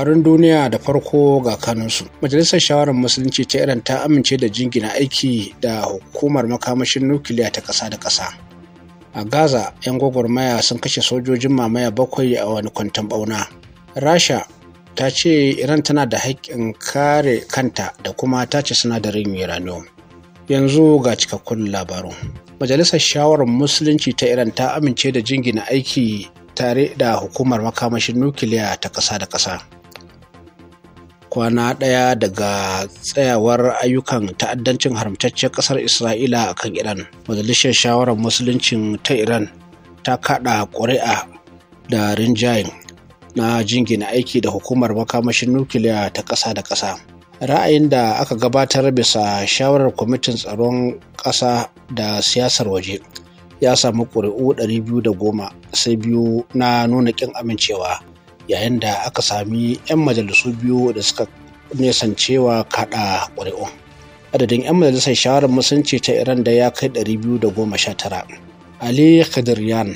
labarun duniya da farko ga kanunsu. Majalisar shawarar musulunci ta Iran ta amince da jingina aiki da hukumar makamashin nukiliya ta ƙasa da kasa. A Gaza, 'yan gwagwarmaya sun kashe sojojin mamaya bakwai a wani kwanton bauna. Rasha ta ce Iran tana da haƙƙin kare kanta da kuma tace sinadarin uranium. Yanzu ga cikakkun labaru. Majalisar shawarar musulunci ta Iran ta amince da jingina aiki tare da hukumar makamashin nukiliya ta ƙasa da ƙasa. kwana ɗaya daga tsayawar ayyukan ta'addancin haramtaccen ƙasar isra'ila a kan iran majalisar shawarar musuluncin ta iran ta kaɗa ƙuri'a da rinjayen na jingina aiki da hukumar makamashin nukiliya ta ƙasa da ƙasa ra'ayin da aka gabatar bisa shawarar kwamitin tsaron ƙasa da siyasar waje ya samu ƙuri'u 210 sai biyu na nuna ƙin amincewa yayin da aka sami 'yan majalisu biyu da suka nesancewa kaɗa ƙuri'un adadin 'yan majalisar shawarar musulunci ta iran da ya kai 219 ali khadiryan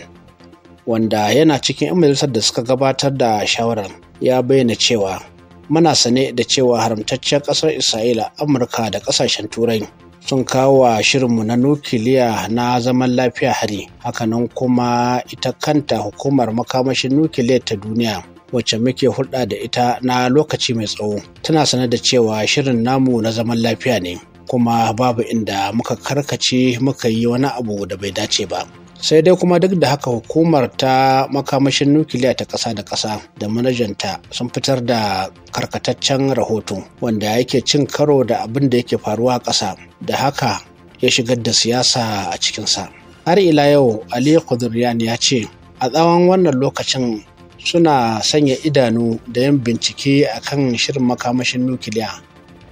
wanda yana cikin 'yan majalisar da suka gabatar da shawarar ya bayyana cewa muna sane da cewa haramtaccen ƙasar isra'ila amurka da ƙasashen turai sun kawo wa shirinmu na nukiliya na zaman lafiya hari hakanan kuma ita kanta hukumar makamashin nukiliya ta duniya wacce muke hulɗa da ita na lokaci mai tsawo tana sanar da cewa shirin namu na zaman lafiya ne kuma babu inda muka karkace muka yi wani abu da bai dace ba sai dai kuma duk da haka hukumar ta makamashin nukiliya ta ƙasa da ƙasa da manajanta sun fitar da karkataccen rahoto wanda yake cin karo da abin da yake faruwa a ƙasa da haka ya shigar da siyasa a cikinsa har ila yau ali kudurian ya ce a tsawon wannan lokacin suna sanya idanu da 'yan bincike a kan shirin makamashin nukiliya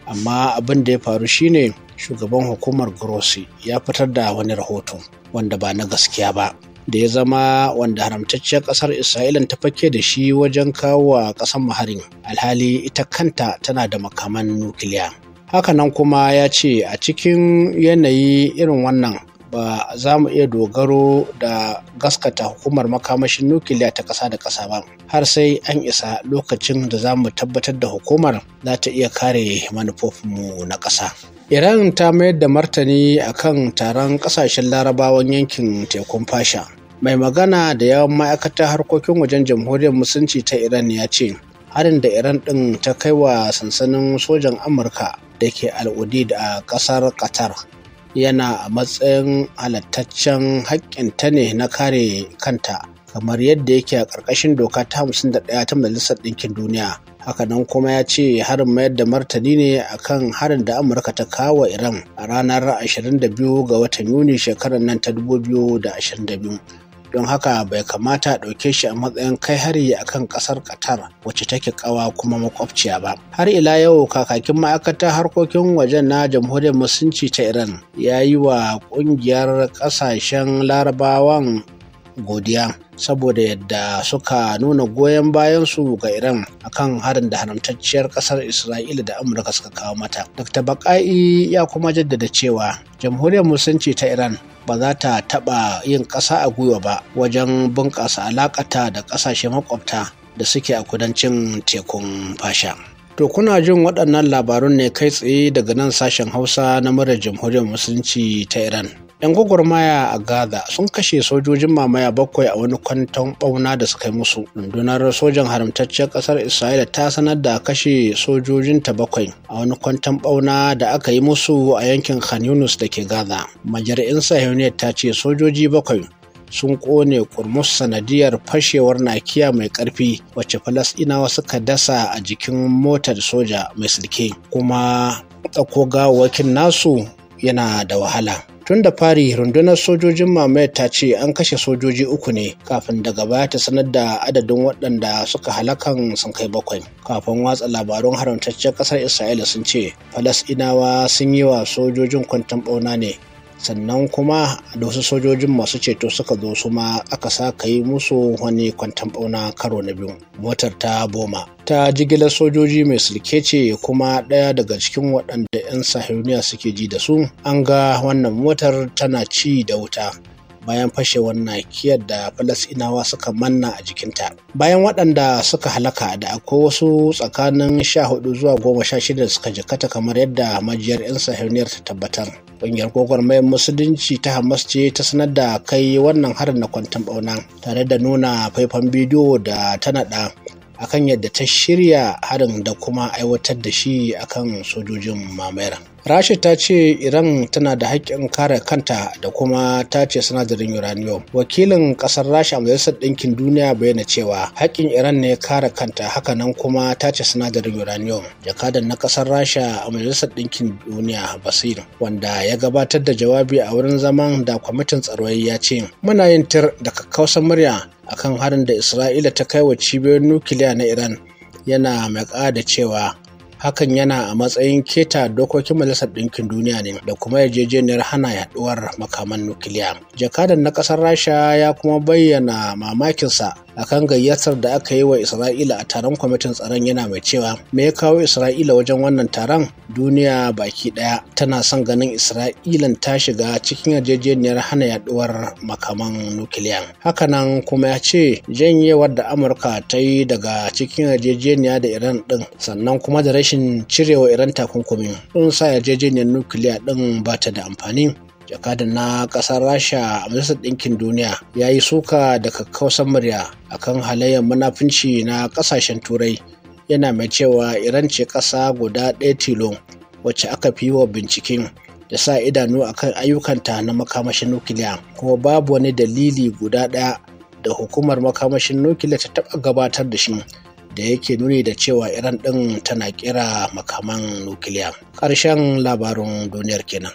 amma abin da ya faru shine shugaban hukumar grossi ya fitar da wani rahoto wanda ba na gaskiya ba da ya zama wanda haramtacciyar ƙasar isra'ila ta fake da shi wajen kawo wa ƙasar maharin alhali ita kanta tana da makaman nukiliya hakanan kuma ya ce a cikin yanayi irin wannan ba za mu iya dogaro da gaskata hukumar makamashin nukiliya ta ƙasa da ƙasa ba har sai an isa lokacin da za mu tabbatar da hukumar za ta iya kare manufofinmu na ƙasa iran ta mayar da martani a kan taron ƙasashen larabawan yankin tekun fasha mai magana da yawan ma'aikatar harkokin wajen jamhuriyar musulunci ta iran ya ce harin da iran ɗin ta kai wa sansanin sojan amurka da ke al'udi a ƙasar qatar yana a matsayin halattaccen ta ne na kare kanta kamar yadda yake a ƙarƙashin doka ta 51 ta majalisar ɗinkin duniya hakanan kuma ya ce harin mayar da martani ne akan harin da amurka ta kawo iran a ranar 22 ga watan yuni shekarar nan ta 2022 don haka bai kamata a ɗauke shi a matsayin kai hari a kan ƙasar qatar wacce take ƙawa kuma makwabciya ba har ila yau kakakin ma'aikatar harkokin wajen na jamhuriyar musulunci ta iran ya yi wa ƙungiyar ƙasashen larabawan godiya saboda yadda suka nuna goyon bayansu ga iran a kan harin da haramtacciyar kasar isra'ila da amurka suka kawo mata dr baka'i ya kuma jaddada cewa jamhuriyar musulunci ta iran ba za ta taɓa yin ƙasa a gwiwa ba wajen bunƙasa alaƙata da ƙasashe makwabta da suke a kudancin tekun fasha to kuna jin waɗannan labarun ne kai tsaye daga nan sashen hausa na murar jamhuriyar musulunci ta iran 'yan gwagwarmaya a gaza sun kashe sojojin mamaya bakwai a wani kwanton bauna da suka yi musu rundunar sojan haramtacciyar kasar isra'ila ta sanar da kashe sojojinta bakwai a wani kwanton bauna da aka yi musu a yankin khan yunus da ke gaza majari'in sahiyoniyar ta ce sojoji bakwai sun kone kurmus sanadiyar fashewar nakiya mai karfi wacce falasɗinawa suka dasa a jikin motar soja mai silke kuma tsako gawakin nasu yana da wahala. Tun da fari rundunar sojojin Mamet ta ce an kashe sojoji uku ne kafin daga baya ta sanar da adadin waɗanda suka halakan sun kai bakwai. Kafin watsa labarun haramtaccen ƙasar Isra'ila sun ce Falasɗinawa sun yi wa sojojin kwantan ɓauna ne sannan kuma da wasu sojojin masu ceto suka zo su ma aka ka yi musu wani kwantan bauna karo na biyu motar ta boma ta jigilar sojoji mai sulke ce kuma ɗaya daga cikin waɗanda 'yan sahiruniya suke ji da su an ga wannan motar tana ci da wuta bayan fashewar kiyar da falasinawa suka manna a jikinta bayan waɗanda suka halaka da akwai wasu tsakanin 14 zuwa 16 suka jikata kamar yadda majiyar 'yan sahiruniyar ta tabbatar Ƙungiyar gwagwarmayar musulunci ta Hamas ce ta sanar da kai wannan harin na kwantan bauna tare da nuna faifan bidiyo da ta naɗa akan yadda ta shirya harin da kuma aiwatar da shi akan sojojin mamayar. rasha ta ce iran tana da haƙƙin kare kanta da kuma ta ce sinadarin uranium wakilin ƙasar rasha majalisar ɗinkin duniya bayyana cewa haƙƙin iran ne kare kanta hakanan kuma ta ce sinadarin uranium jakadan na ƙasar rasha a majalisar ɗinkin duniya basir wanda ya gabatar da jawabi a wurin zaman da kwamitin tsaro ya ce muna yin tir da kakkausar murya akan harin da isra'ila ta kai wa cibiyoyin nukiliya na iran yana mai da cewa hakan yana a matsayin keta dokokin majalisar ɗinkin duniya ne da kuma yarjejeniyar hana yaduwar makaman nukiliya jakadan na ƙasar rasha ya kuma bayyana mamakinsa akan gayyatar da aka yi wa Isra'ila a taron kwamitin tsaron yana mai cewa me ya kawo Isra'ila wajen wannan taron duniya baki daya tana son ganin Isra'ilan ta shiga cikin yarjejeniyar hana yaduwar makaman nukiliya. Hakanan kuma ya ce janyewar da Amurka ta yi daga cikin yarjejeniya da Iran din sannan kuma da rashin cirewa Iran takunkumi, sun sa yarjejeniyar nukiliya din ba ta da amfani jakadan na kasar rasha a majalisar ɗinkin duniya ya yi suka da kakkausan murya kan halayyar manafinci na ƙasashen turai yana mai cewa iran ce ƙasa guda ɗaya tilo wacce aka fi wa binciken da sa idanu akan ayyukanta na makamashin nukiliya kuma babu wani dalili guda ɗaya da hukumar makamashin nukiliya ta taɓa gabatar da shi da yake nuni da cewa iran ɗin tana kira makaman nukiliya ƙarshen labarin duniyar kenan.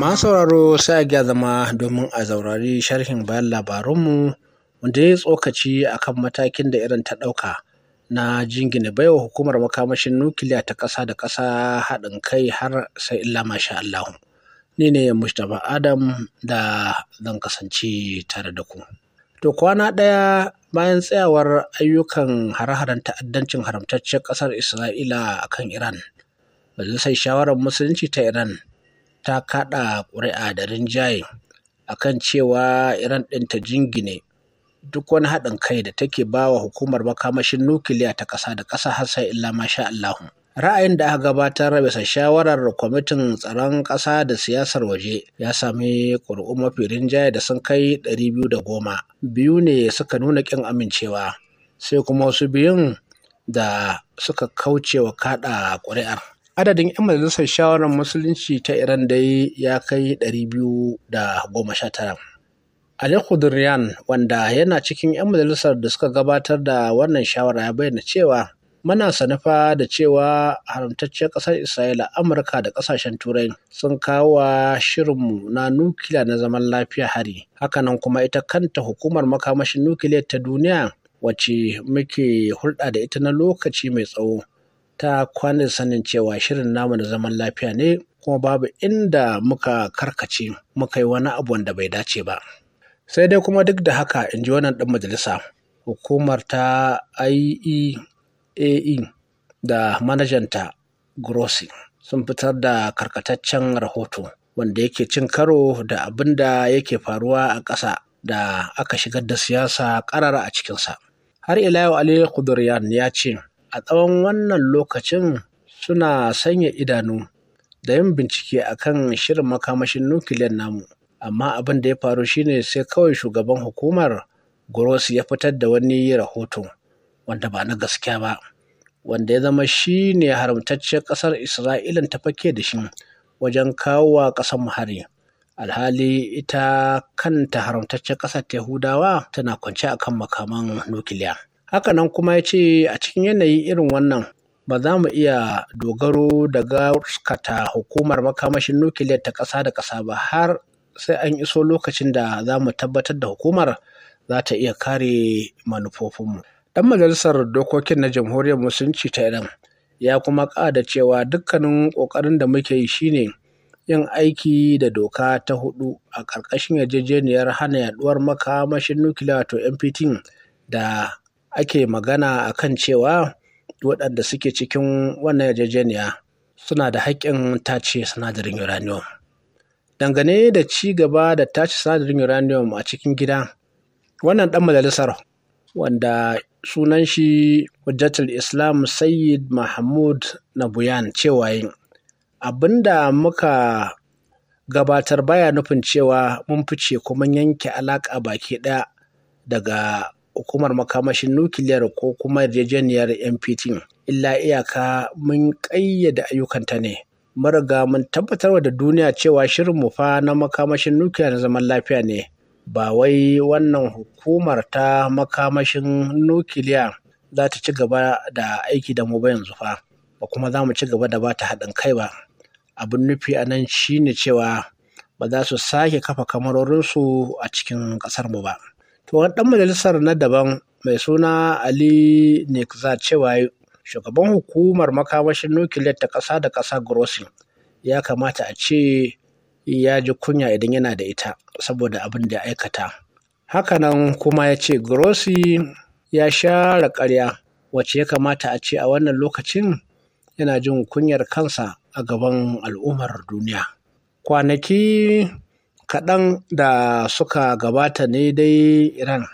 masu sauraro sai a gya zama domin a zaurari sharhin bayan labarunmu wanda ya tsokaci a kan matakin da irin ta ɗauka na jingina baiwa hukumar makamashin nukiliya ta ƙasa da ƙasa haɗin kai har sai illa masha Allah. Ni ne Mustapha Adam da zan kasance tare da ku. To kwana ɗaya bayan tsayawar ayyukan hare-haren ta'addancin haramtaccen ƙasar Isra'ila a kan Iran, majalisar shawarar musulunci ta Iran ta kaɗa ƙuri'a da rinjaye a kan cewa Iran ɗinta ta jingine duk wani haɗin kai da take ba wa hukumar makamashin nukiliya ta ƙasa da ƙasa har sai illa masha Allahu. Ra'ayin da aka gabatar bisa shawarar kwamitin tsaron ƙasa da siyasar waje ya sami ƙuri'u mafi rinjaye da sun kai ɗari biyu da goma. Biyu ne suka nuna ƙin amincewa sai kuma wasu biyun da suka kauce wa kaɗa ƙuri'ar. adadin 'yan majalisar shawarar musulunci ta iran dai ya kai 219 ali Khudurian wanda yana cikin 'yan majalisar da suka gabatar da wannan shawara ya bayyana cewa muna sanufa da cewa haramtacciyar ƙasar isra'ila amurka da ƙasashen turai sun kawo wa shirinmu na nukiliya na zaman lafiya hari hakanan kuma ita kanta hukumar makamashin nukiliyar ta duniya wacce muke hulɗa da ita na lokaci mai tsawo ta kwane sanin cewa shirin namu na zaman lafiya ne kuma babu inda muka karkace muka yi wani abu wanda bai dace ba sai dai kuma duk da haka in ji wannan ɗan majalisa hukumar ta IEAE e da manajanta Grossi sun fitar da karkataccen rahoto wanda yake cin karo da abin da yake faruwa a ƙasa da aka shigar da siyasa ƙarara a cikinsa. Har ila yau Ali Kudurian ya ce, a tsawon wannan lokacin suna sanya idanu da yin bincike a kan shirin makamashin nukiliyar namu amma abin da ya faru shine sai kawai shugaban hukumar grossi ya fitar da wani rahoto wanda ba na gaskiya ba wanda ya zama shi ne haramtacciyar ƙasar isra'ilan ta fake da shi wajen kawo wa ƙasar hari alhali ita kanta haramtacciyar ƙasar yahudawa tana kwance akan makaman nukiliya Hakanan kuma ya ce a cikin yanayi irin wannan ba za mu iya dogaro da gaskata hukumar makamashin nukiliyar ta ƙasa da ƙasa ba har sai an iso lokacin da za mu tabbatar da hukumar za ta iya kare manufofinmu. Ɗan majalisar dokokin na jamhuriyar musulunci ta Iran ya kuma ƙada cewa dukkanin ƙoƙarin da muke yi shine yin aiki da doka ta hudu a ƙarƙashin yarjejeniyar hana yaduwar makamashin nukiliya wato NPT da ake magana a kan cewa waɗanda suke cikin wannan yarjejeniya suna da haƙƙin tace sinadarin uranium. Dangane da ci gaba da tace sinadarin uranium a cikin gida, wannan ɗan majalisar wanda sunan shi Hujjatul Islam Sayyid Mahmud Nabuyan cewa yin abin da muka gabatar baya nufin cewa mun fice kuma yanke alaƙa baki ɗaya daga hukumar makamashin nukiliyar ko kuma yarjejeniyar NPT. Illa iyaka mun ƙayyade ayyukanta ne. Mun mun tabbatar da duniya cewa shirin mu fa na makamashin nukiliya na zaman lafiya ne. Ba wai wannan hukumar ta makamashin nukiliya za ta ci gaba da aiki da mu ba yanzu fa. Ba kuma za mu ci gaba da ba ta haɗin kai ba. Abin nufi a nan shine cewa ba za su sake kafa kamarorinsu a cikin mu ba. To wani ɗan majalisar na daban mai suna Ali Nekza cewa shugaban hukumar makamashin nukiliyar ta ƙasa da ƙasa Grossi ya kamata a ce ya ji kunya idan yana da ita saboda abin da ya aikata. Hakanan kuma ya ce Grossi ya share ƙarya wacce ya kamata a ce a wannan lokacin yana jin kunyar kansa a gaban al'ummar duniya. Kwanaki kaɗan da suka gabata ne dai iran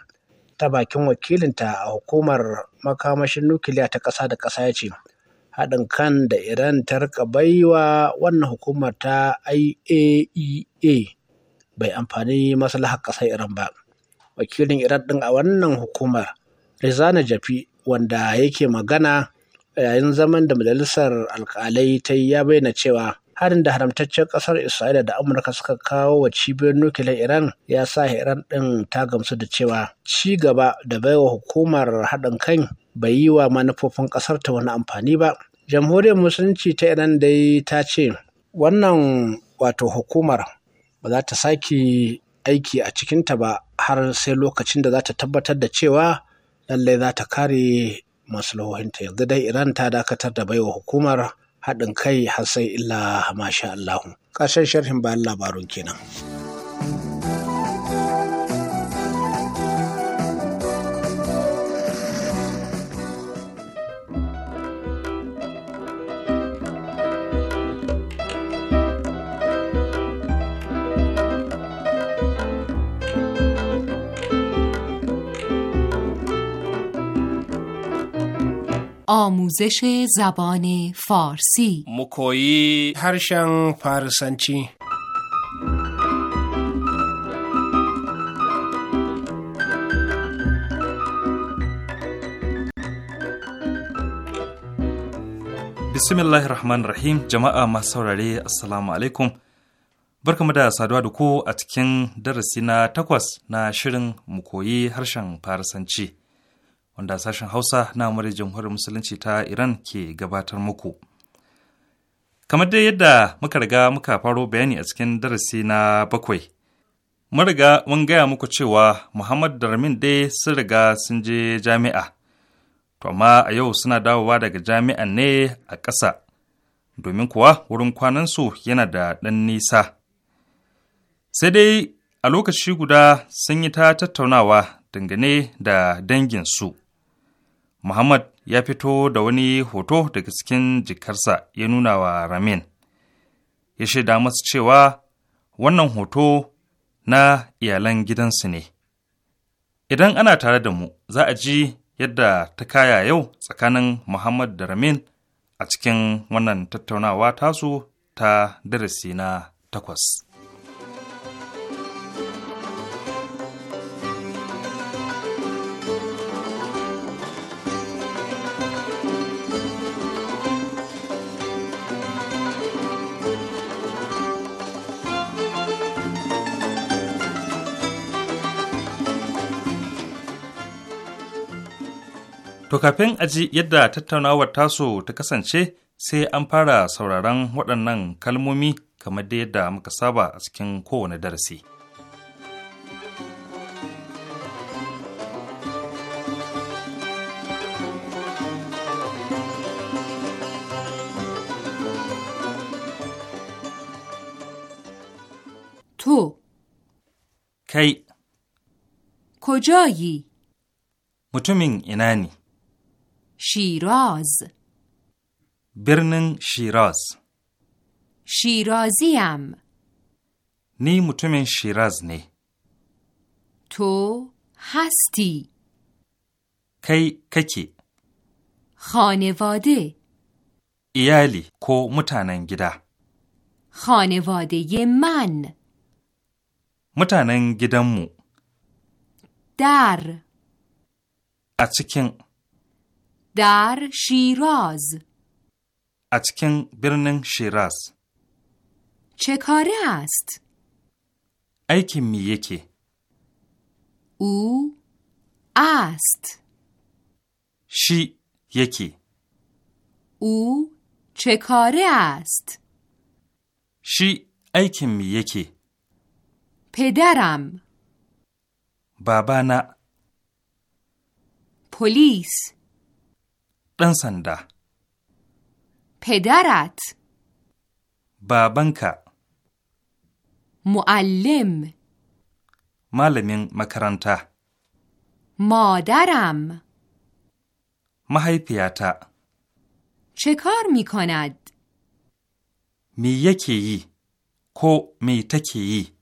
ta bakin wakilinta a hukumar makamashin nukiliya ta ƙasa da ƙasa ya ce haɗin kan da iran ta rika baiwa wannan hukumar ta iaea e bai amfani maslahar ƙasar iran ba wakilin iran ɗin a wannan hukumar rizana jafi wanda yake magana yayin zaman da majalisar alkalai ta yi ya bayyana cewa harin da haramtaccen kasar isra'ila da amurka suka kawo wa cibiyar nukiliyar iran ya sa iran ɗin ta gamsu da cewa ci gaba da baiwa hukumar haɗin kan bai yi wa manufofin ƙasar ta wani amfani ba jamhuriyar musulunci ta iran dai ta ce wannan wato hukumar ba za ta sake aiki a cikinta ba har sai lokacin da za ta tabbatar da cewa lallai za ta kare masu lahohinta yanzu dai iran ta dakatar da baiwa hukumar haɗin kai har sai illa masha Allahu. Ƙasar sharhin bayan labarun kenan. آموزش زبان فارسی مکویی هرشن فارسنچی Bismillahir Rahmanir Rahim, jama'a masu saurare Assalamu alaikum. Barkamu da saduwa da ku a cikin darasi na takwas na shirin mu koyi harshen Farisanci. wanda sashen Hausa na Amurka jamhuriyar Musulunci ta Iran ke gabatar muku. Kamar dai yadda muka riga muka faro bayani a cikin darasi na bakwai, mun riga mun gaya muku cewa Muhammad da Ramin dai sun riga sun je jami'a, to amma a yau suna dawowa daga jami'an ne a ƙasa, domin kuwa wurin kwanansu yana da ɗan nisa. Sai dai a lokaci guda sun yi ta tattaunawa dangane da danginsu. Muhammad ya fito da wani hoto daga cikin jikarsa ya nuna wa Ramin. Ya shaida masu cewa wannan hoto na iyalan gidansu ne. Idan ana tare da mu, za a ji yadda ta kaya yau tsakanin Muhammad da Ramin a cikin wannan tattaunawa tasu ta darasi na takwas. To kafin aji yadda tattaunawar taso ta kasance sai an fara sauraron waɗannan kalmomi kamar da yadda muka saba a cikin kowane darasi. تو کی کجایی متومین اینانی شیراز برنن شیراز شیرازیم نی مطمئن شیراز نی تو هستی کی ککی خانواده ایالی کو متانن گیدا خانواده من متانن مو در ا در شیراز اچکن برنن شیراز چه کاره است؟ ای که می یکی او است شی یکی او چه کاره است؟ شی ای که می یکی پدرم بابا نه پلیس ɗan سنده پدرت بابانکا معلم معلمین مکرانتا مادرم محیپیاتا چه کار می کند؟ می کو می تکی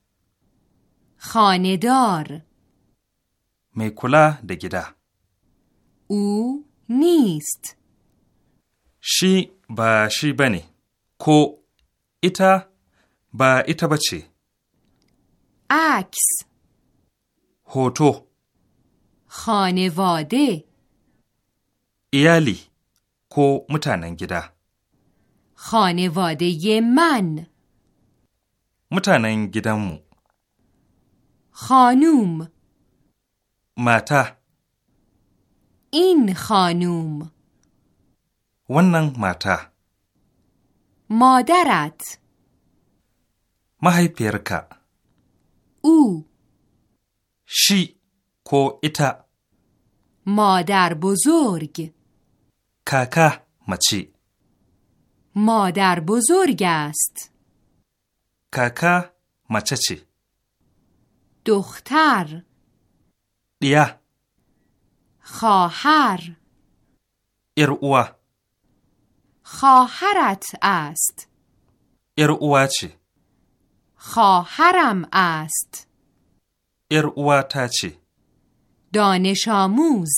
خاندار می کلا دگیده او نیست شی با شی بنی کو ایتا با ایتا بچه عکس هوتو خانواده ایالی کو متانن گیدا خانواده من متانن گیدمو خانوم ماتا این خانوم ونن ماتا مادرت مهی پیرکا او شی کو ایتا مادر بزرگ کاکا مچی مادر بزرگ است کاکا مچچی دختر دیا خواهر ارعوا خواهرت است ارعوا چی؟ خواهرم است ارعوا تا چی؟ دانش آموز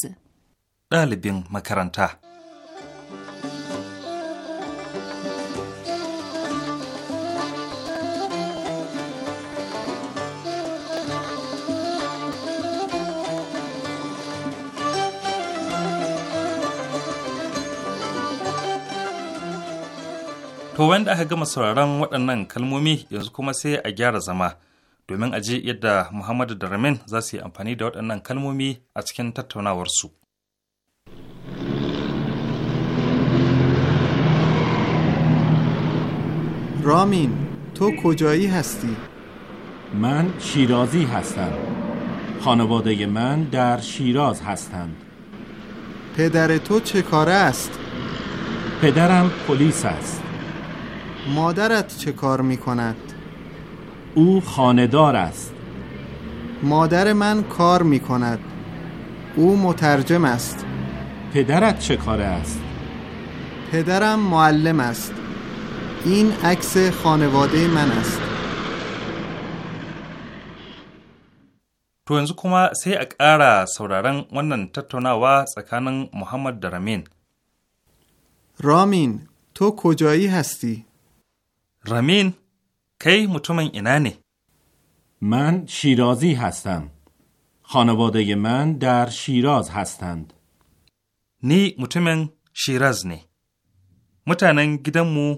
بین مکرنته To wanda aka gama sauraron waɗannan kalmomi yanzu kuma sai a gyara zama domin a yadda Muhammadu da Ramin za su yi amfani da waɗannan kalmomi a cikin tattaunawarsu. رامین تو کجایی هستی؟ من شیرازی هستم خانواده من در شیراز هستند پدر تو چه کاره است؟ پدرم پلیس است مادرت چه کار می کند؟ او خاندار است مادر من کار می کند او مترجم است پدرت چه کار است؟ پدرم معلم است این عکس خانواده من است تو yanzu kuma sai a ƙara sauraron wannan tattaunawa tsakanin Muhammad da Ramin. رامین تو کجایی هستی؟ رامین کی مطمئن اینانه من شیرازی هستم خانواده من در شیراز هستند نی مطمئن شیراز نه مو مو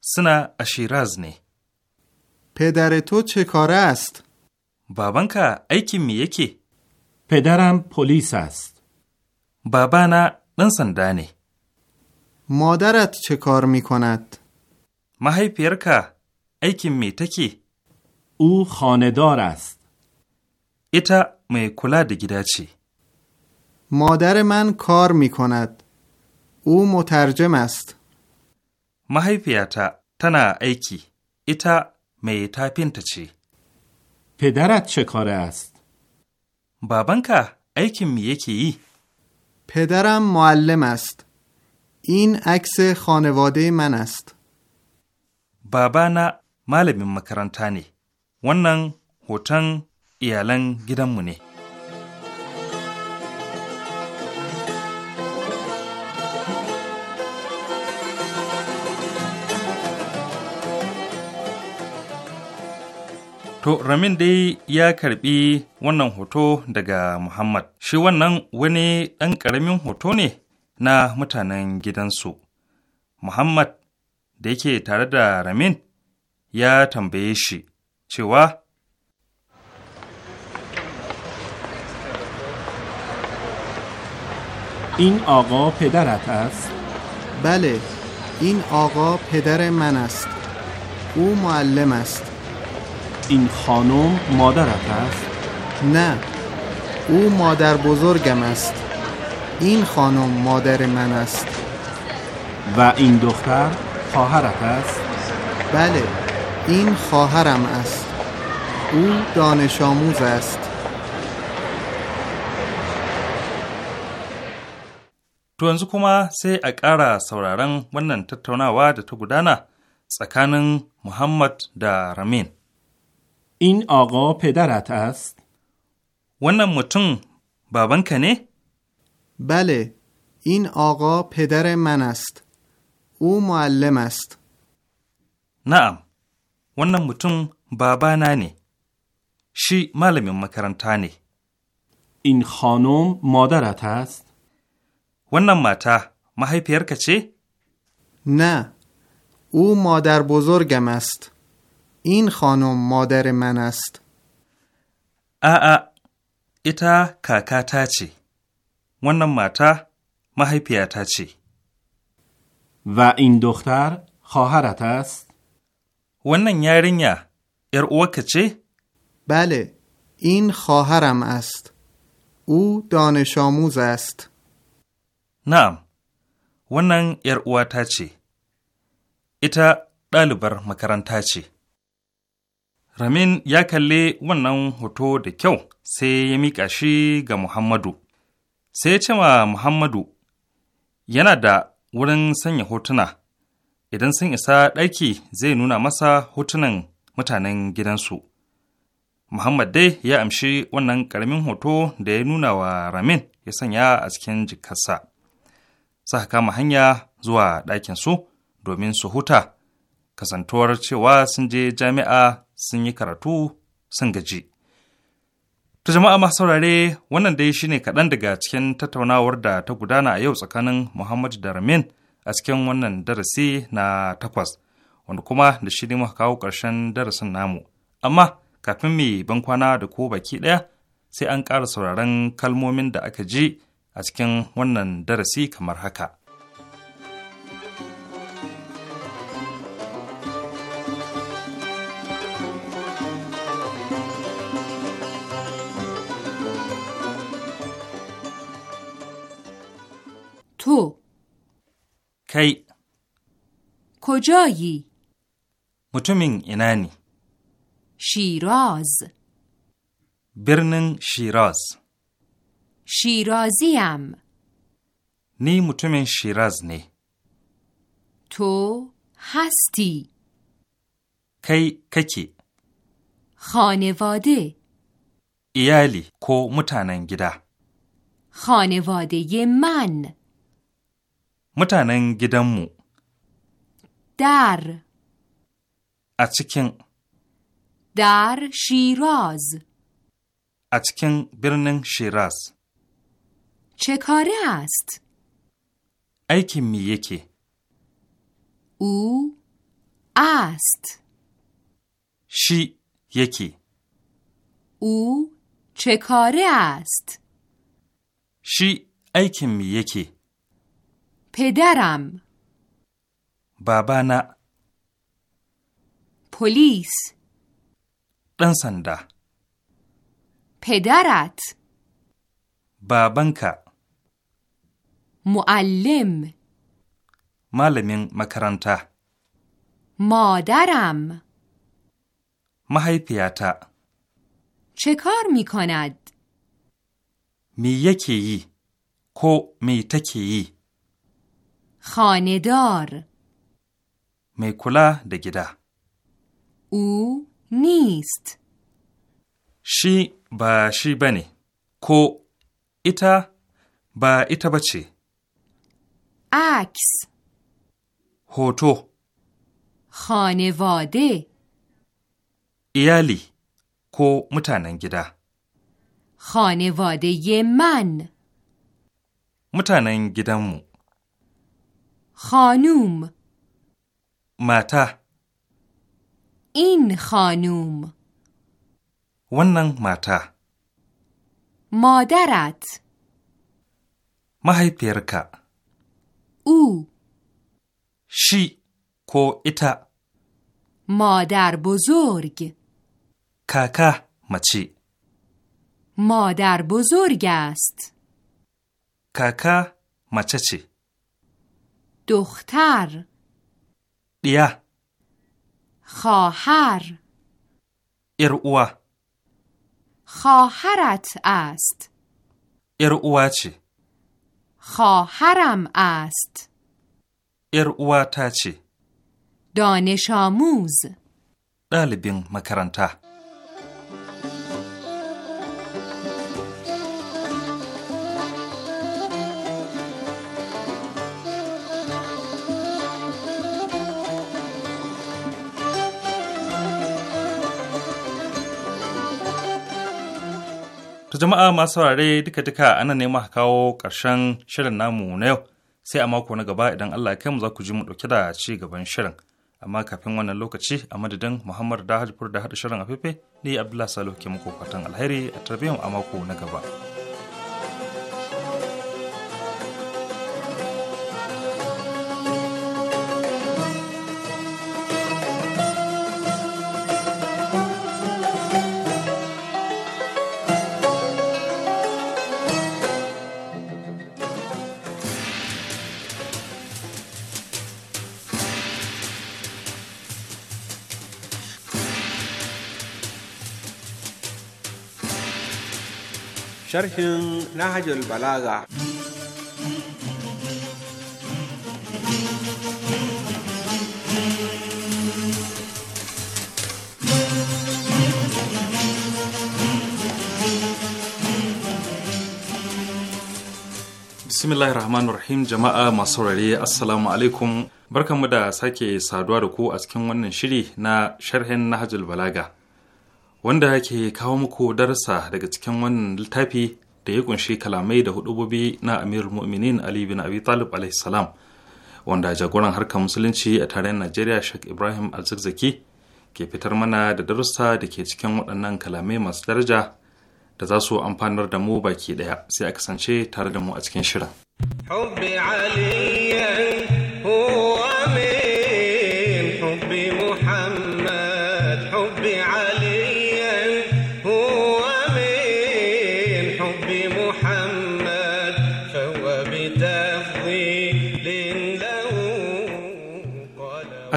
سنا اشیراز نه پدر تو چه کاره است؟ بابانکا ایکی می یکی پدرم پلیس است بابانا دن مادرت چه کار می کند؟ mahaifiyarka aikin me take? او خاندار است. ایتا می کلا ده گیده چی؟ مادر من کار می کند. او مترجم است. محیفیتا تنا ایکی. ایتا می چی؟ پدرت چه کاره است؟ بابان که ایکی می یکی پدرم معلم است. این عکس خانواده من است. babana malamin makaranta ne, wannan hoton iyalan gidanmu ne. To, Ramin dai ya karbi wannan hoto daga Muhammad. Shi wannan wani ɗan ƙaramin hoto ne na mutanen gidansu. Muhammad da yake tare da Ramin ya tambaye این آقا پدرت است؟ بله این آقا پدر من است او معلم است این خانم مادرت است؟ نه او مادر بزرگم است این خانم مادر من است و این دختر خواهرت است؟ بله این خواهرم است او دانش آموز است To yanzu kuma sai a ƙara sauraron wannan tattaunawa da ta gudana tsakanin Muhammad da Ramin. In آقا پدرت ast wannan mutum babanka ne؟ bale in آقا پدر من است. او معلم است. نعم. wannan mutum babana ne. Shi malamin makaranta ne. این خانم مادرت است؟ wannan mata mahaifiyarka ce? na او مادر بزرگم است. این خانم مادر من است. آآ ایتا کاکاتا ce. wannan mata mahaifiyata ce. و این دختر خواهرت است؟ ونن یارینیا ار اوکه چه؟ بله این خواهرم است او دانش آموز است نعم ونن ار اواتا چه؟ ایتا دالبر مکرانتا چه؟ Ramin ya kalli wannan hoto da kyau sai ya miƙa shi ga Muhammadu. Sai ya ce wa Muhammadu, yana da wurin sanya hotuna idan sun isa ɗaki zai nuna masa hotunan mutanen gidansu muhammad dai ya amshi wannan ƙaramin hoto da ya nuna wa ramin ya sanya a cikin jikarsa saka kama hanya zuwa ɗakinsu domin su huta kasantuwar cewa sun je jami'a sun yi karatu sun gaji. Ta jama'a masu saurare wannan dai shine kaɗan daga cikin tattaunawar da ta gudana a yau tsakanin Muhammadu da Ramin a cikin wannan darasi na takwas wanda kuma da shi ne muka kawo ƙarshen darasin namu. Amma kafin mai ban kwana da ko baki ɗaya sai an ƙara sauraron kalmomin da aka ji a cikin wannan darasi kamar haka. کی کجایی؟ متومین اینانی شیراز برنن شیراز شیرازیم نی متومین شیراز نی تو هستی کی ککی خانواده ایالی کو متانن گیده خانواده من متنن گیدنمو در اچکن در شیراز اچکن برنن شیراز چه کاره است؟ ایکی می یکی او است شی یکی او چه کاره است؟ شی ایکی می یکی پدرم بابانا پلیس ɗan sanda پدرت بابانکا معلم معلمین مکرانتا مادرم مهیپیاتا چه کار می کند؟ می یکی کو می تکی خاندار میکولا kula او نیست. شی با شی بنی کو ایتا با ایتا بچی عکس هوتو خانواده ایالی کو متانن گیدا خانواده من متانن خانوم ماتا این خانوم ونن ماتا مادرت پیرکا او شی کو ایتا مادر بزرگ کاکا مچی مادر بزرگ است کاکا مچچی دختر دیا خواهر ارعوا خواهرت است ارعوا چی؟ خواهرم است ارعوا تا چی؟ دانش آموز دالبین makaranta. jama'a masu saurare duka-duka ana nema kawo karshen shirin namu na yau sai a mako na gaba idan Allah ya mu za ku ji mu ɗauke da ci gaban shirin. Amma kafin wannan lokaci a madadin Muhammad Dahajpur da haɗa shirin a fefe ne Abdullahi Salo ke muku fatan alheri a tarbiyyar a mako na gaba. sharhin Nahajul Balaga. bismillahir rahmanir rahim jama'a masu rari assalamu alaikum barkanmu da sake saduwa da ku a cikin wannan shiri na sharhin nahajul balaga wanda ke kawo muku darsa daga cikin wannan littafi da ya kunshi kalamai da hudubobi na amir mu'minin ali bin abi talib alaihi salam wanda jagoran harkar musulunci a tarayyar najeriya shek ibrahim alzakzaki ke fitar mana da darussa da ke cikin waɗannan kalamai masu daraja da za su amfanar da mu baki ɗaya sai a kasance tare da mu a cikin shirin.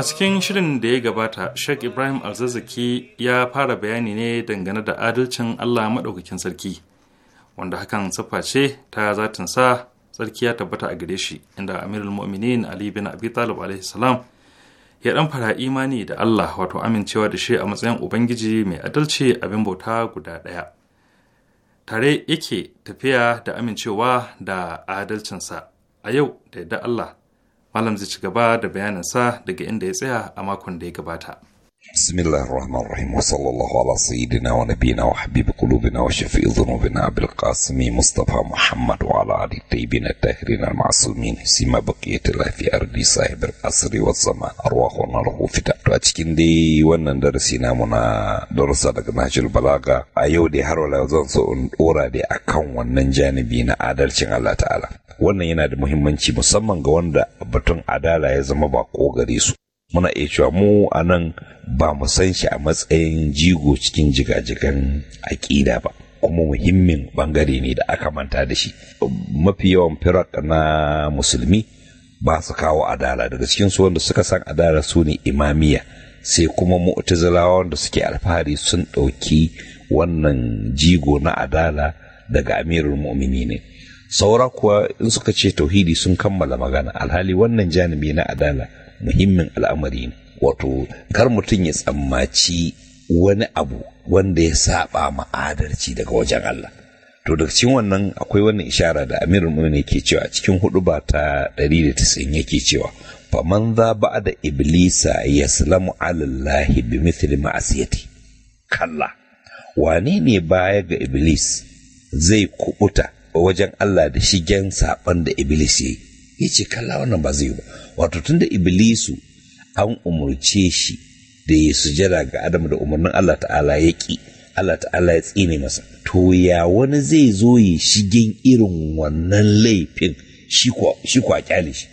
A cikin shirin da ya gabata, Sheikh Ibrahim Alzazzaki ya fara bayani ne dangane da adalcin Allah maɗaukakin sarki, wanda hakan siffa ce ta sa sarki ya tabbata a gare shi, inda Amirul Mu'minin Ali bin Abi Talib alaihi salam ya dan fara imani da Allah wato amincewa da shi a matsayin Ubangiji mai adalci abin bauta guda ɗaya. Tare yake tafiya da amincewa da adalcinsa a yau da yadda Allah malam zai ci gaba da bayaninsa daga inda ya tsaya a makon da ya gabata Bismillahi rmahirrahimu sallallahu alaihi wa salam na biyana wa Habiba kulobina wa shafi izinin bin Abel kasimi Mustapha wa al'adu ta yi binatarhin al'umma sima bakiyyatar lafiya ari ne su haifar da asirin watsama a arawakunan rufi ta. cikin wannan darasinamu na darussa daga Najeriya Balaga, a yau dai har wani zan so in ɗora a kan wannan janibi na adalcin Allah Ta'ala. Wannan yana da muhimmanci, musamman ga wanda batun adala ya zama ba ko su. muna iya cewa mu a nan ba mu san shi a matsayin jigo cikin jigajigan aƙida ba kuma muhimmin bangare ne da aka manta da shi mafi yawan firak na musulmi ba su kawo adala daga cikin su wanda suka san adala su ne imamiya sai kuma mu'tazilawa wanda suke alfahari sun ɗauki wannan jigo na adala daga amirul mu'mini ne saura kuwa in suka ce tauhidi sun kammala magana alhali wannan janibi na adala muhimmin al'amari ne wato kar mutum ya tsammaci wani abu wanda ya saba ma'adarci daga wajen Allah to daga cikin wannan akwai wannan ishara da Amir Mumin yake cewa cikin hudu ba ta 190 yake cewa man za da iblisa yaslamu ala Allah bi mithli ma'asiyati kalla wane ne baya ga iblis zai kubuta wajen Allah da shigen saban da iblis yayi ya ce kalla wannan ba zai yi ba wato tunda iblisu an umarce shi da ya sujada ga adam da umarnin allah ta'ala ya ƙi allah ta'ala ya tsine masa to ya wani zai zo ya shigen irin wannan laifin shi kwa kyale shi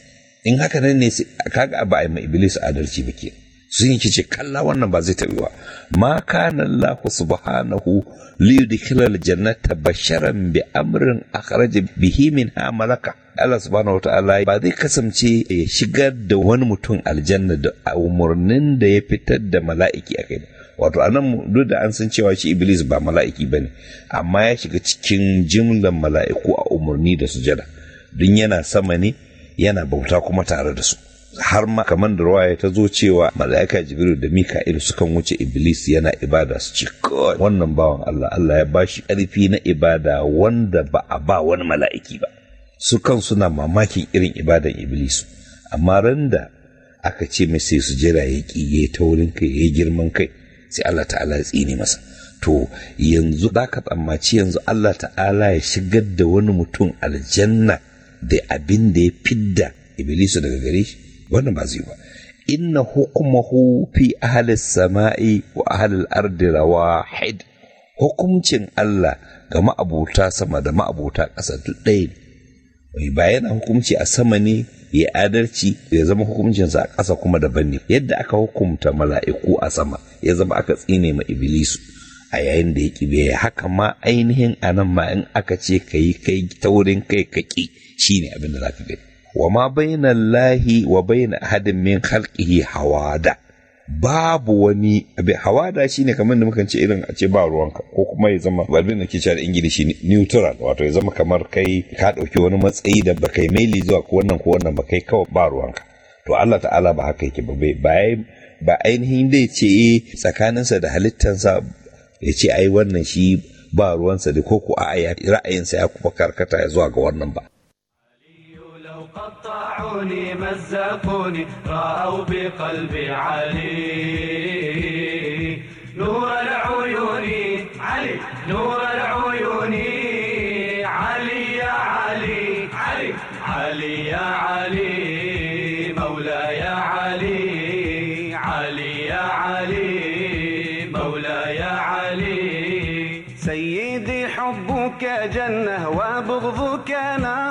in haka nan ne kaga ba a yi ma iblisu adalci ba kenan sun yi kice kalla wannan ba zai tabi ba ma kana Allah subhanahu li yudkhila jannata basharan bi amrin akhraj bihi minha malaka Allah subhanahu ta'ala ba zai kasance ya shigar da wani mutum aljanna da umurnin da ya fitar da mala'iki a kai wato anan duk da an san cewa shi iblis ba mala'iki bane amma ya shiga cikin jimlan mala'iku a umurni da sujada duk yana sama ne yana bauta kuma tare da su har ma kamar da ruwaya ta zo cewa mala'ika jibril da mika'il sukan wuce iblis yana ibada su ci wannan bawan allah allah ya ba shi karfi na ibada wanda ba a ba wani mala'iki ba su kan suna mamakin irin ibadan Iblis, amma ran da aka ce mai sai su jira ya ƙi ya taurin kai ya girman kai sai allah ta'ala ya tsini masa to yanzu za ka tsammaci yanzu Allah ta'ala ya shigar da wani mutum aljanna da abin da ya fidda Iblis daga gare shi wannan ba zai ba inna hukumahu fi ahli samai wa ahli al-ardi rawahid hukuncin Allah ga ma'abuta sama da ma'abuta ƙasa duk ɗaya ne ba yana a sama ne ya adalci ya zama hukuncinsa a ƙasa kuma daban ne yadda aka hukumta mala'iku a sama ya zama aka tsine ma ibilisu a yayin da ya ƙibe haka ma ainihin anan ma in aka ce ka yi kai taurin kai ka shine abin da za ka gani wa ma wa baina ahadin min hawada babu wani abin hawada shine kamar da muka ce irin a ce ba ruwanka ko kuma ya zama ba da ke da ingilishi neutral wato ya zama kamar kai ka ɗauki wani matsayi da ba kai maili zuwa ko wannan ko wannan ba kai kawai ba ruwanka to Allah ta'ala ba haka yake ba ba ainihin dai ce tsakaninsa da halittansa ya ce ai wannan shi ba ruwansa da ko ko a'a ra'ayinsa ya kuma karkata ya zuwa ga wannan ba طلعوني مزقوني رأوا بقلبي علي نور العيون علي نور العيون علي يا علي علي علي يا علي مولاي يا علي علي يا علي مولاي يا علي سيدي حبك جنة وبغضك نار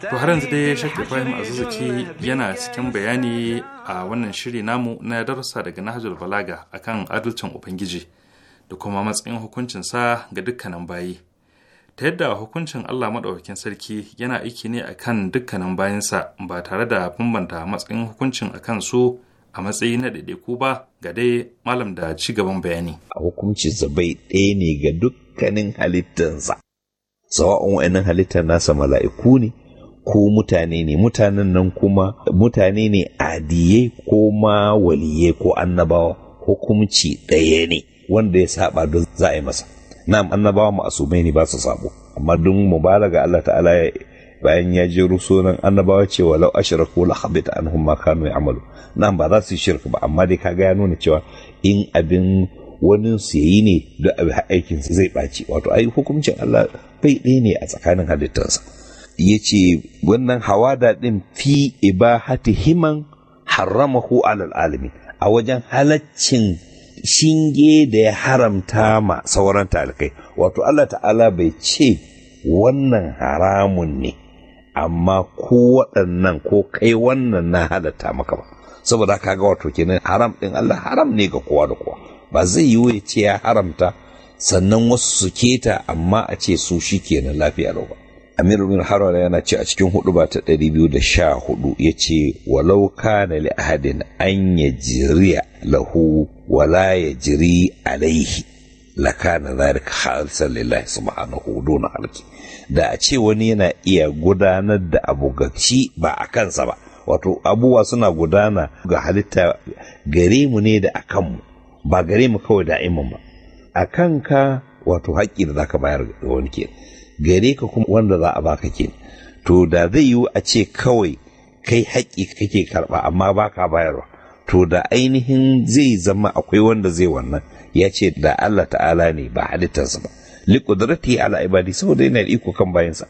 to har yanzu dai shakka ibrahim azuzuki yana cikin bayani a wannan shiri namu na darussa daga nahjul balaga akan adalcin ubangiji da kuma matsayin hukuncinsa ga dukkanin bayi ta yadda hukuncin allah maɗaukakin sarki yana aiki ne akan dukkanin bayansa ba tare da bambanta matsayin hukuncin akan su a matsayi na ɗaiɗaiku ba ga dai malam da ci gaban bayani a hukuncin zabai ɗaya ne ga dukkanin halittansa sawa'un wa'annan halittar nasa mala'iku ne ko mutane ne mutanen nan kuma mutane ne Adiye ko ma waliye ko annabawa hukumci ɗaya ne wanda ya saba don za a yi masa na annabawa ma'asumai ne ba su sabo amma don mubalaga Allah ta'ala bayan ya je sunan annabawa cewa lau ashraku la habita anhum ma kanu ya'malu nan ba za su yi shirka ba amma dai kaga ya nuna cewa in abin wani su yi ne da aikin zai baci wato ai hukuncin Allah bai ɗaya ne a tsakanin halittarsa ya ce wannan daɗin ɗin fi ibahati himan haramahu alal alamin a wajen halaccin shinge da ya haramta ma sauran talikai wato Allah ta'ala bai ce wannan haramun ne amma ko waɗannan ko kai wannan na halatta maka ba saboda kaga wato kenan haram ɗin Allah haram ne ga kowa da kowa ba zai yi ya ce ya haramta sannan wasu su keta amma a ce su shi kenan lafiya lau ba amir bin harwala yana ce a cikin hudu ba ta 214 ya ce walau kana li ahadin an ya jiriya lahu wala ya jiri alaihi la kana zalika khalisan lillahi subhanahu duna halki da a ce wani yana iya gudanar da abu ga shi ba a kansa ba wato abubuwa suna gudana ga halitta gare mu ne da akan mu ba gare mu kawai da'iman ba a kanka wato haƙƙi da zaka bayar ga wani kenan gare ka kuma wanda za a baka ke to da zai yiwu a ce kawai kai haƙƙi kake karɓa amma baka bayarwa to da ainihin zai zama akwai wanda zai wannan ya ce da Allah ta'ala ne ba halittarsa ba li qudrati ala ibadi saboda yana da iko kan bayansa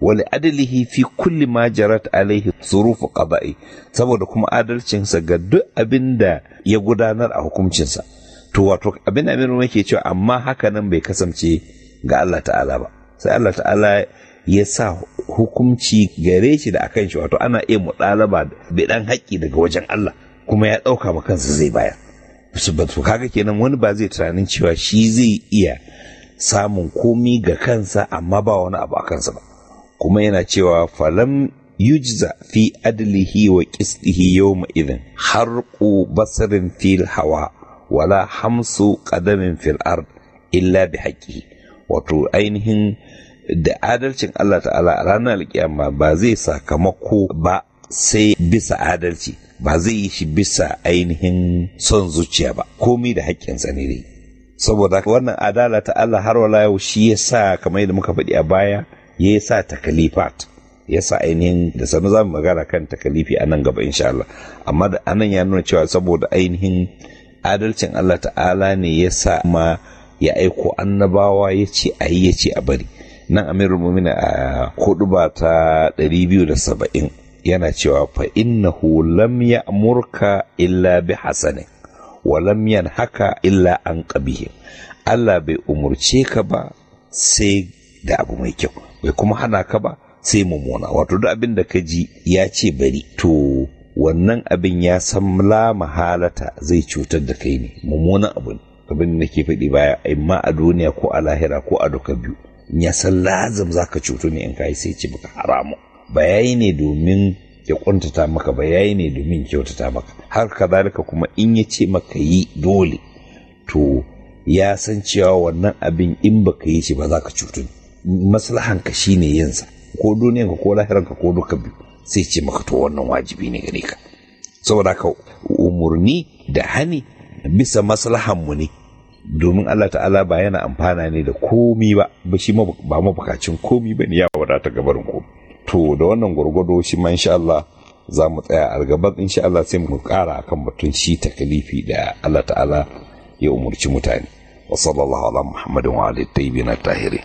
Wani adalihi fi kulli ma jarat alaihi surufu qada'i saboda kuma adalcinsa ga duk abinda ya gudanar a hukuncinsa to wato abin da yake cewa amma haka nan bai kasance ga Allah ta'ala ba sai Allah ta'ala ya sa hukumci gare shi da akan shi wato ana iya muɗalaba da dan haƙƙi daga wajen Allah kuma ya ɗauka ma kansa zai bayar su kaga kenan wani ba zai tunanin cewa shi zai iya samun komi ga kansa amma ba wani abu a kansa ba kuma yana cewa falam yujza fi adlihi wa qistihi yawma idhin harqu basarin fil hawa wala hamsu qadamin fil ard illa bi haƙƙi. wato ainihin da adalcin Allah ta'ala a ranar alkiyama ba zai sakamako ba sai bisa adalci ba zai yi shi bisa ainihin son zuciya ba komi da haƙƙinsa ne dai saboda wannan adala ta Allah har wala yau shi ya sa kamar yadda muka faɗi a baya ya sa takalifat ya sa ainihin da sanu za mu magana kan takalifi a nan gaba insha Allah amma da anan ya nuna cewa saboda ainihin adalcin Allah ta'ala ne ya sa ma ya aiko annabawa ya ce a yi ya ce a bari nan amir mumina a ba ta 270 yana cewa fa inna lam Amurka illa bi hasani wa lam haka illa an kabihi Allah bai umurce ka ba sai da abu mai kyau bai kuma hana ka ba sai mummuna wato duk abin da ka ji ya ce bari to wannan abin ya san la mahalata zai cutar da kai ne mummunan abu ne abin da ke faɗi baya Amma a duniya ko a lahira ko a duka biyu in ya san lazim za ka cutu ne in ka yi sai ce baka haramu ba yayi ne domin ya kuntata maka ba yayi ne domin kyautata maka har ka kazalika kuma in ya ce maka yi dole to ya san cewa wannan abin in baka yi shi ba za ka cutu ne maslahanka shine yinsa ko duniyanka ko lahiranka ko duka biyu sai ce maka to wannan wajibi ne gare ka saboda ka umurni da hani bisa maslahanmu ne domin Allah ta'ala ba yana amfana ne da komi ba ba shi ba mabukacin komi ba ne ya wadata gabarin ku to da wannan gwargwado shi ma insha Allah za mu tsaya a gaban insha Allah sai mu kara akan batun shi takalifi da Allah ta'ala ya umurci mutane wa sallallahu ala muhammadin wa alihi tayyibin tahirin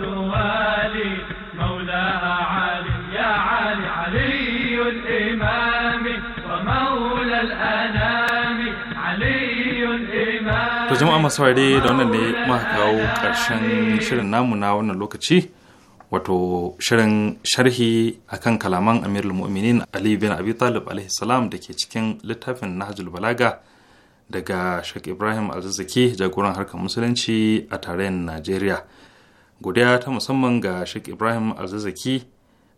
توالي مولاها علي يا علي علي الإمام ومولى الأنام علي الإمام to jama'a masu da wannan ne muka kawo ƙarshen shirin namu na wannan lokaci wato shirin sharhi akan kalaman amirul mu'minin ali bin abi talib alaihi salam da ke cikin littafin nahjul balaga daga Sheikh Ibrahim Alzazzaki jagoran harkar musulunci a tarayyar Najeriya. godiya ta musamman ga Sheikh Ibrahim Azizaki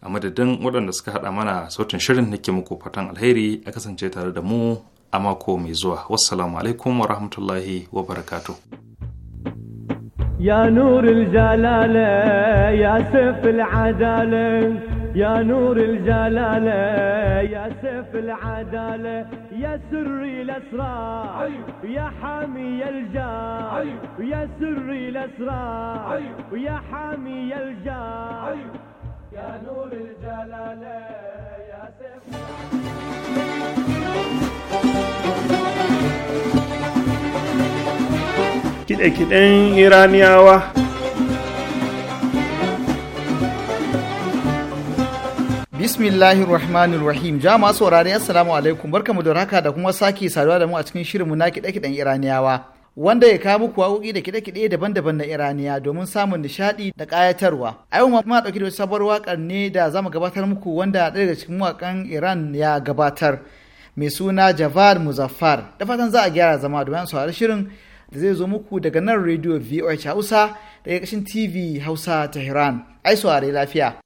a madadin waɗanda suka haɗa mana sautin shirin nake muku fatan alheri a kasance tare da mu a mako mai zuwa. Wassalamu alaikum wa rahmatullahi wa barakatu Ya nuril jalale ya sifil العدالة يا نور الجلالة يا سيف العدالة يا سري الأسرار أيوه. يا حامي الجار أيوه. يا سري الأسرار أيوه. يا حامي الجار يا نور الجلالة يا سيف Kiɗe-kiɗen Iraniyawa Bismillahir Rahmanir Rahim. Jama'a saurare Assalamu alaikum. Barkamu da raka da kuma sake saduwa da mu a cikin shirinmu na kiɗe-kiɗen Iraniyawa. Wanda ya kawo muku waƙoƙi da kiɗe-kiɗe daban-daban na Iraniya domin samun nishaɗi da ƙayatarwa. A yau ma ɗauki da sabuwar wakar ne da zamu gabatar muku wanda ɗaya daga cikin wakar Iran ya gabatar. Mai suna Javad Muzaffar. Da fatan za a gyara zama domin saurari shirin da zai zo muku daga nan Radio VOH Hausa da kashin TV Hausa Tehran. Ai saurari lafiya.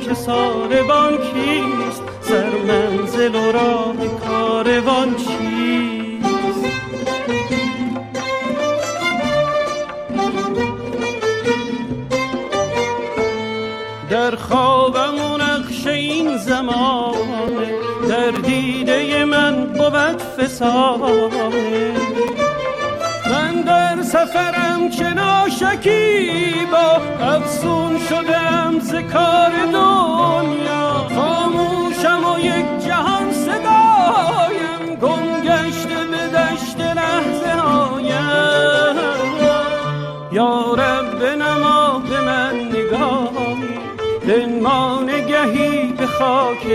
که ساربان کیست سر منزل و راه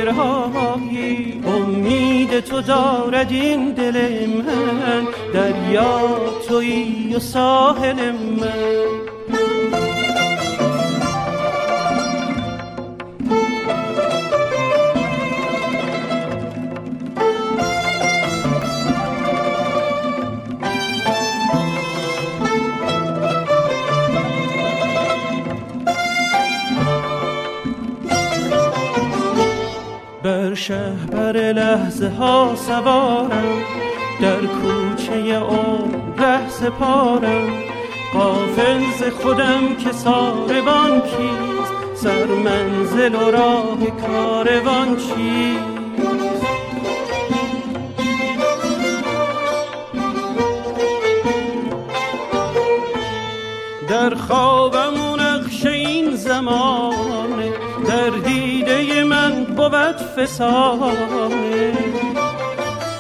شعرهایی امید تو دارد این دل من دریا توی و ساحل من بر شهبر لحظه ها سوارم در کوچه او ره پارم قافل ز خودم که ساروان کیست سر منزل و راه کاروان چیست در خواب شود فسانه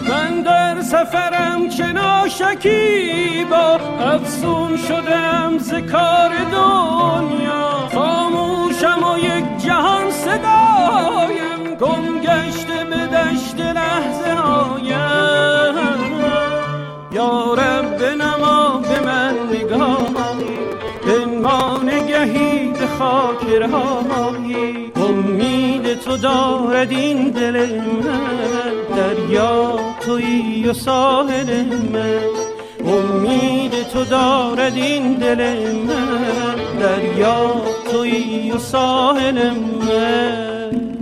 من در سفرم که ناشکی با افسون شدم ز کار دنیا خاموشم و یک جهان صدایم گم گشته به دشت لحظه آیم یارم به نما به من نگاهی به ما نگهی به خاک تو دارد این دل من دریا توی و ساحل من امید تو دارد این دل من دریا توی و ساحل من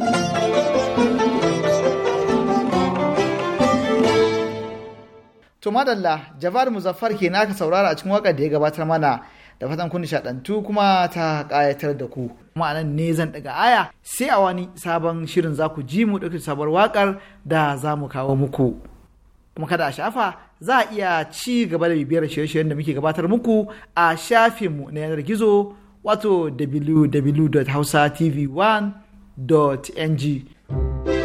تو الله جوار مزفر که ناک سورار اچموه د دیگه باتر منا da fatan kun nishaɗantu kuma ta ƙayatar da ku kuma anan ne zan daga aya sai a wani sabon shirin za ku ji mu ɗauki sabuwar waƙar da za mu kawo muku kuma kada a shafa za a iya ci gaba da bibiyar shirye-shiryen da muke gabatar muku a shafinmu na yanar gizo wato tv 1ng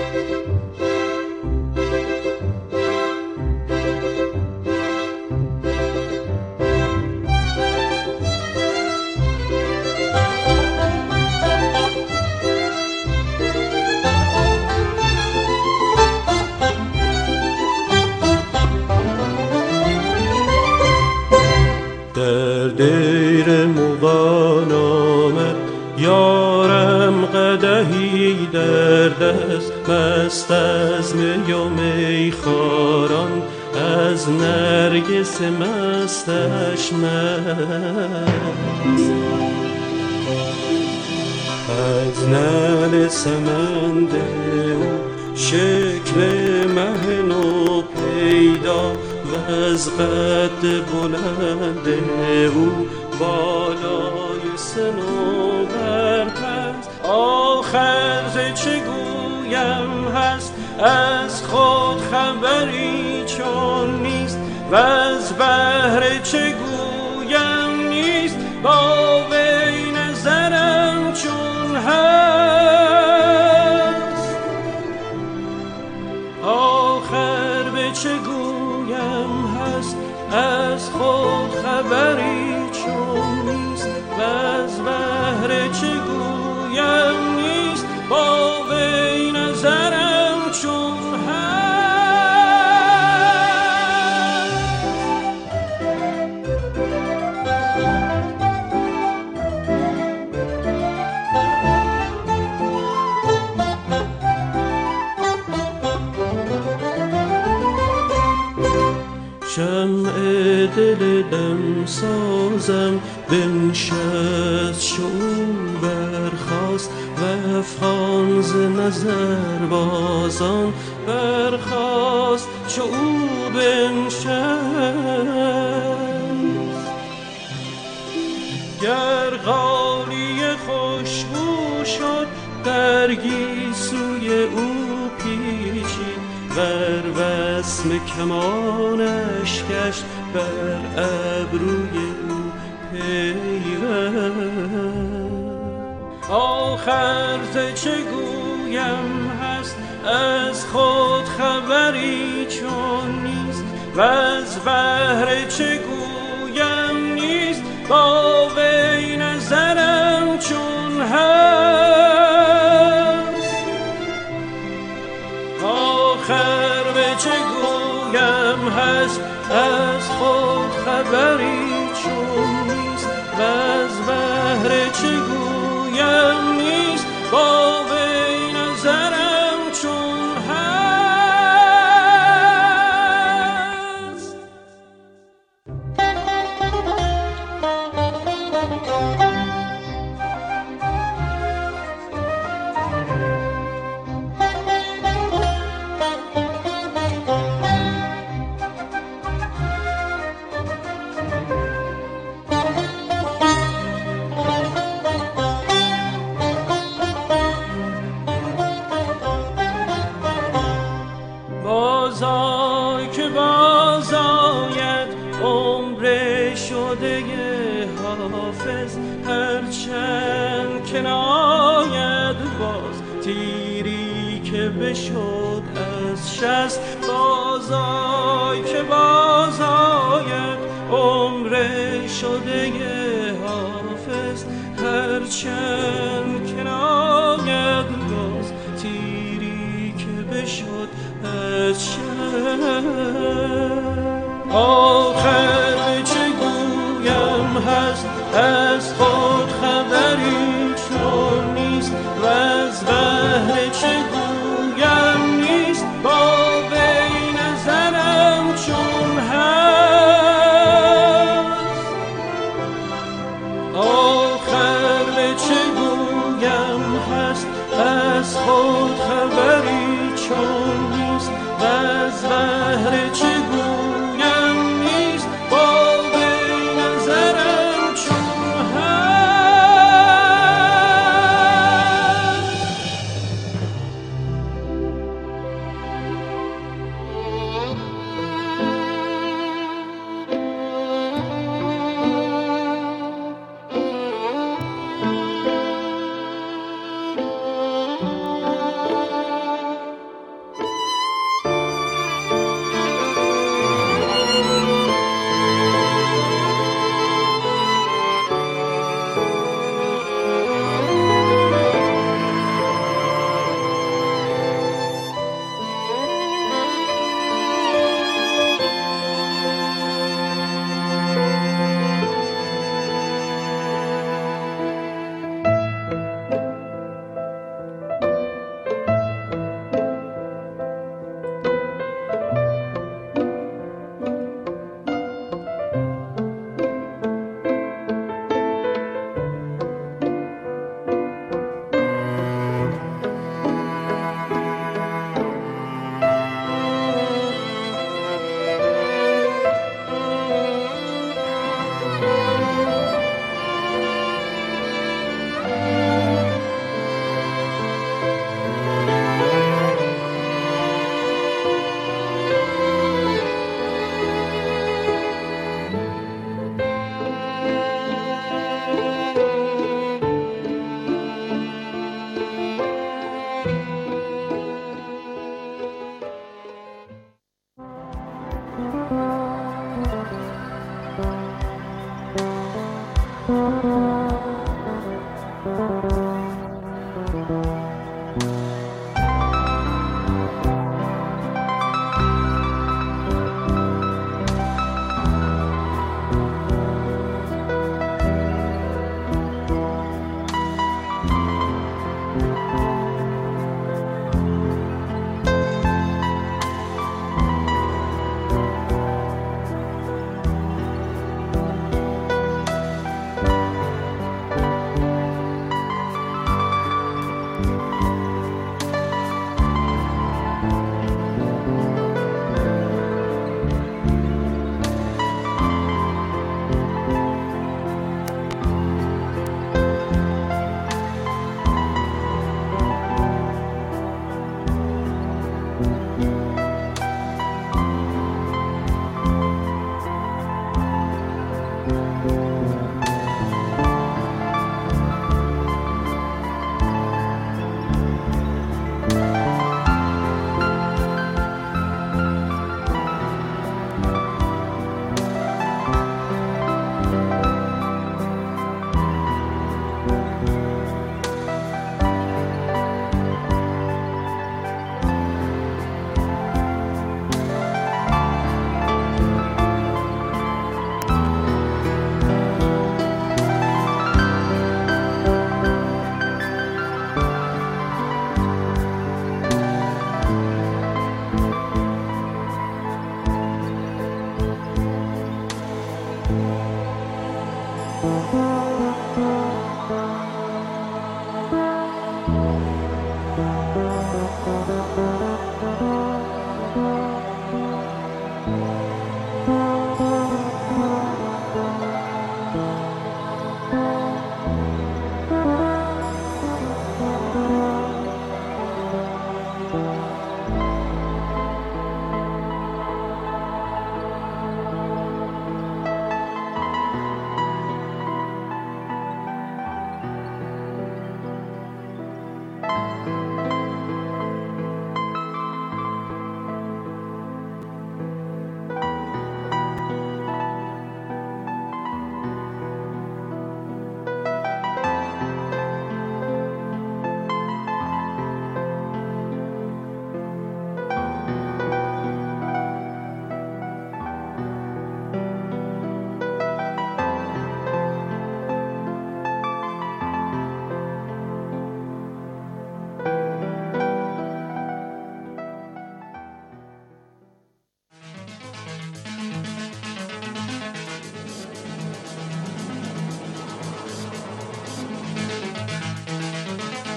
از نل سمند او شکل مه نو پیدا و از قد بلند او بالای سنو پس آخر هست از خود خبری چون نیست و زن بنشست شون برخواست و افغان ز نظر بازان برخواست چو بنشست گر غالی خوشبو شد برگی سوی او پیچید بر وسم کمانش گشت بر ابروی حیرت آخر چه گویم هست از خود خبری چون نیست و از بهر چه گویم نیست با وی نظرم چون هست آخر به چه گویم هست از خود خبری شده حافظ هرچند که ناید باز تیری که بشد از شهر آخر چه گویم هست